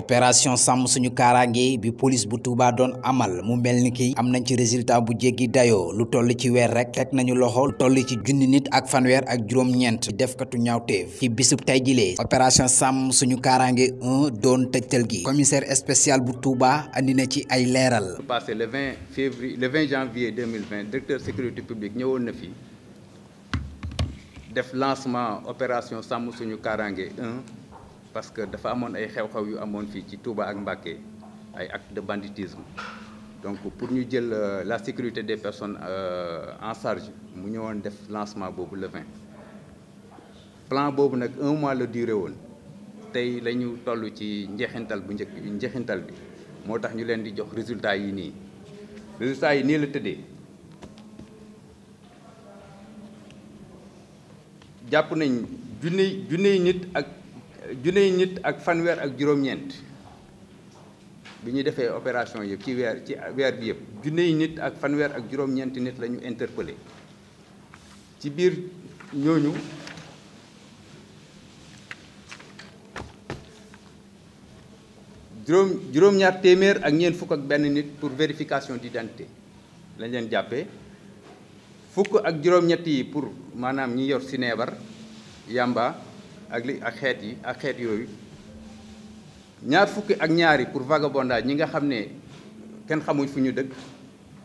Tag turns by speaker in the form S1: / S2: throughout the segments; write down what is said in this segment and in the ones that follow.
S1: opération Samu suñu Karangé, bi police bu Touba don amal mu melni ki am nañ ci résultat bu jéggi dayo lu toll ci weer rek teg nañu loxo lu toll ci nit ak fanwer ak ñent def ci bisub opération suñu Karangé 1 don tëjtal gi commissaire spécial bu Touba andi ci ay passé le 20 février le 20 janvier 2020 directeur sécurité publique ñëwoon na fi def lancement opération sàmm suñu karangé 1 parce que dafa amone ay xew-xew yu amone fi ci Touba ak Mbacké ay actes de banditisme donc pour ñu jël euh, la sécurité des personnes euh, en charge mu ñëwoon def lancement bobu le 20 plan bobu nak un mois le duré won tay lañu tollu ci njeexintal bu njëkk njeexintal bi moo ñu leen di jox résultat yi ni résultat yi ni la tëddee japp nañ junniy junniy nit ak junne nit ak fanweer ak juróom-ñeent bi ñu defee opération yëpp ci weer ci weer bi yëpp junne nit ak fanweer ak juróom-ñeenti nit la ñu interpellé ci biir ñooñu juróom juróom-ñaar téeméer ak ñeent fukk ak benn nit pour vérification d'identité lañ leen jàppe fukk ak juróom-ñett yi pour maanaam ñi yor sineebar yàmba ak li ak xeet yi ak xeet yooyu ñaar fukki ak ñaari pour vagabondage ñi nga xam ne kenn xamuñ fu ñu dëkk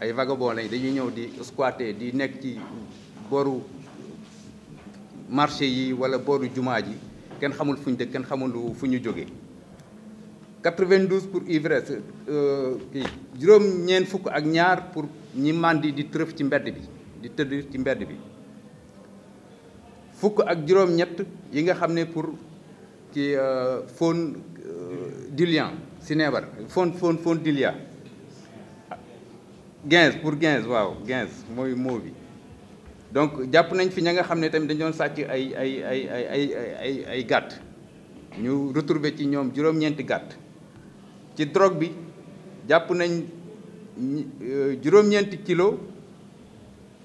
S1: ay vagabond lañ dañuy ñëw di squatter di nekk ci boru marché yi wala boru jumaa ji kenn xamul fu ñu dëkk kenn xamul fu ñu jógee 92 pour ivresse euh, kii juróom ñeent fukk ak ñaar pour ñi màndi di tërëf ci mbedd bi di tëdd ci mbedd bi fukk ak juróom-ñett yi nga xam ne pour ci euh, faune euh, diluant si neebar faune faune faune diluant quinze pour quinze waaw quinze mooy moo bi donc jàpp nañ fi ña nga xam ne tamit dañ doon sàcc ay ay ay ay ay ay ay gàtt ñu retrouver ci ñoom juróom-ñeenti gàtt ci drogue bi jàpp nañ euh, juróom-ñeenti kilo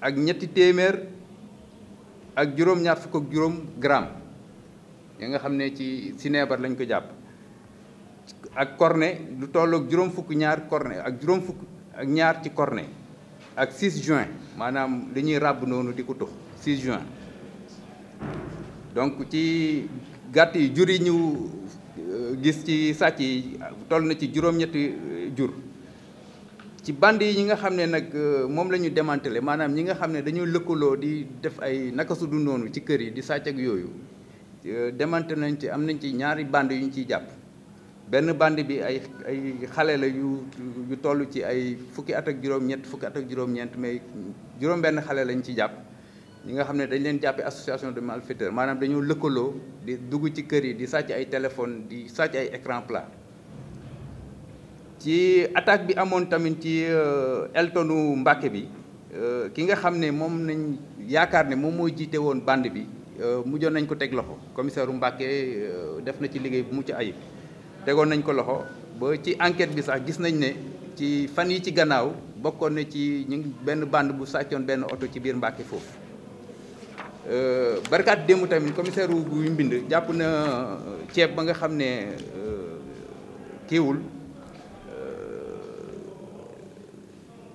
S1: ak ñetti téeméer ak juróom-ñaar fukk ak juróom gramme ya nga xam ne ci si neebar lañ ko jàpp ak cornet lu tolloog juróom fukk ñaar cornet ak juróom fukk ak ñaar ci cornet ak 6 juin maanaam li ñuy ràbb noonu di ko tux 6 juin donc ci gàtt yi jur yi ñu euh, gis ci sàcc yi toll na ci juróom-ñetti euh, jur ci bande yi ñi nga xam ne nag euh, moom la ñu démantelé maanaam ñi nga xam ne dañoo lëkkaloo di def ay naka su ci kër yi di sàcc ak yooyu euh, démantelé nañ ci am nañ ci ñaari bande yu ciy jàpp benn bande bi ay ay xale la yu yu toll ci ay fukki at ak juróom fukki at ak juróom-ñeent juróom-benn xale lañ ci jàpp ñi nga xam ne dañ leen jàppee association de malfaiteurs maanaam dañoo lëkkaloo di dugg ci kër yi di sàcc ay téléphone di sàcc ay écran plat ci attaque bi amoon tamit ci euh, Eltonu Mbàkke bi euh, ki nga xam ne moom nañ yaakaar ne moom mooy jiite woon bande bi euh, mujjoon nañ ko teg loxo commissaire u Mbàkke def na ci liggéey bu mucc ayib tegoon nañ ko loxo ba ci enquête bi sax gis nañ ne ci fan yi ci gannaaw bokkoon na ci ñu benn bande bu sàccoon benn oto ci biir Mbàkke foofu barkaat démb tamit commissaire wu guy mbind jàpp na ceeb ba nga xam ne kiiwul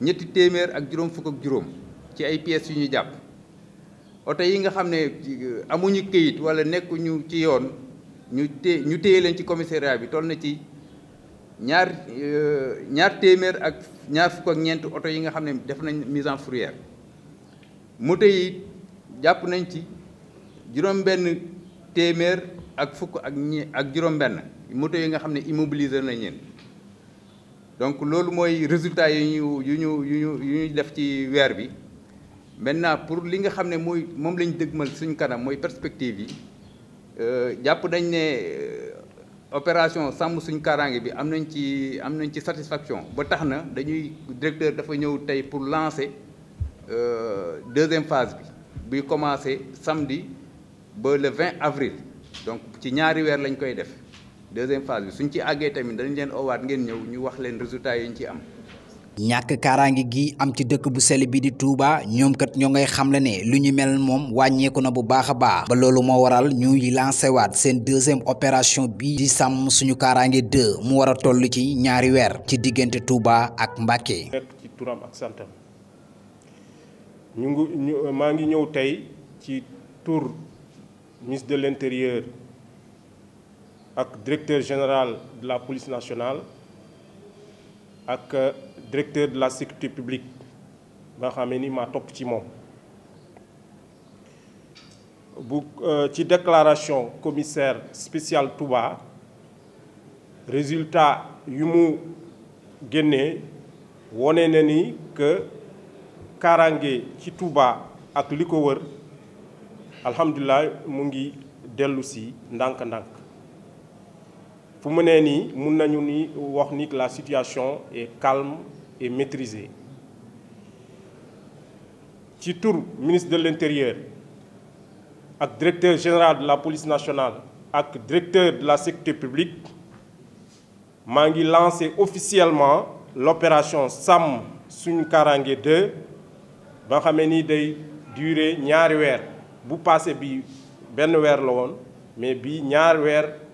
S1: ñetti téeméer ak juróom fukk ak juróom ci ay pièces yu ñu jàpp oto yi nga xam ne euh, amuñu këyit wala nekkuñu ci yoon ñu té ñu téye leen ci commissariat bi toll na ci ñaar euh, ñaar téeméer ak ñaar fukk ak ñeent oto yi nga xam ne def nañ mise en fourrière moto yi jàpp nañ ci juróom-benn téeméer ak fukk ak ñi ak juróom-benn moto yi nga xam ne immobilisé nañ leen. donc loolu mooy résultat yu ñu yu ñu yu ñu yu ñu def ci weer bi maintenant pour li nga xam ne mooy moom la ñu dëgmal kanam mooy perspective yi euh, jàpp nañ ne euh, opération sàmm suñ kaaraange bi am ci am ci satisfaction ba tax dañuy directeur dafa ñëw tey pour lancer euh, deuxième phase bi buy commencer samedi ba le 20 avril donc ci ñaari weer lañ koy def deuxième phase bi suñ ci àggee tamit dañ leen owaat ngeen ñëw ñu wax leen résultat yi ci am ñàkk kaaraange gi am ci dëkk bu sell bi di Touba ñoom kat ñoo ngay xamle ne lu ñu mel moom wàññeeku na bu baax baax ba loolu moo waral ñuy lancé waat seen deuxième opération bi di sàmm suñu kaaraange 2 mu ci ñaari ci Touba ak Mbacké.
S2: ci ak santam ñu ngi ci tur ministre de l'intérieur avec le directeur général de la police nationale le euh, directeur de la sécurité publique ba m'a ni Dans la euh, déclaration du commissaire spécial Touba le résultat que que Karangé ci Touba ak liko wër alhamdulilah mu ngi ndank pour nous, que la situation est calme et maîtrisée ci ministre de l'intérieur le directeur général de la police nationale le directeur de la sécurité publique mangi lancé officiellement l'opération Sam Sun Karangé 2 ba xamé ni day durer ñaari bu passé bi ben mais bi ñaar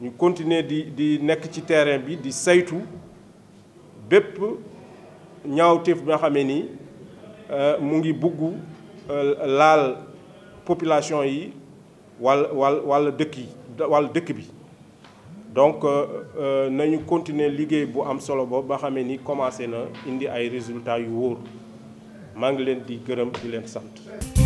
S2: ñu continuer di di nek ci terrain bi di saytu bép ñaawteef bi nga xamee ni euh, mu ngi bugg euh, laal population yi wal wal wal dëkk yi wal dëkk bi donc euh, euh nañu continuer liguey bu am solo bo ba xamé ni commencé na indi ay résultats yu woor ma ngi leen di gërëm di leen sante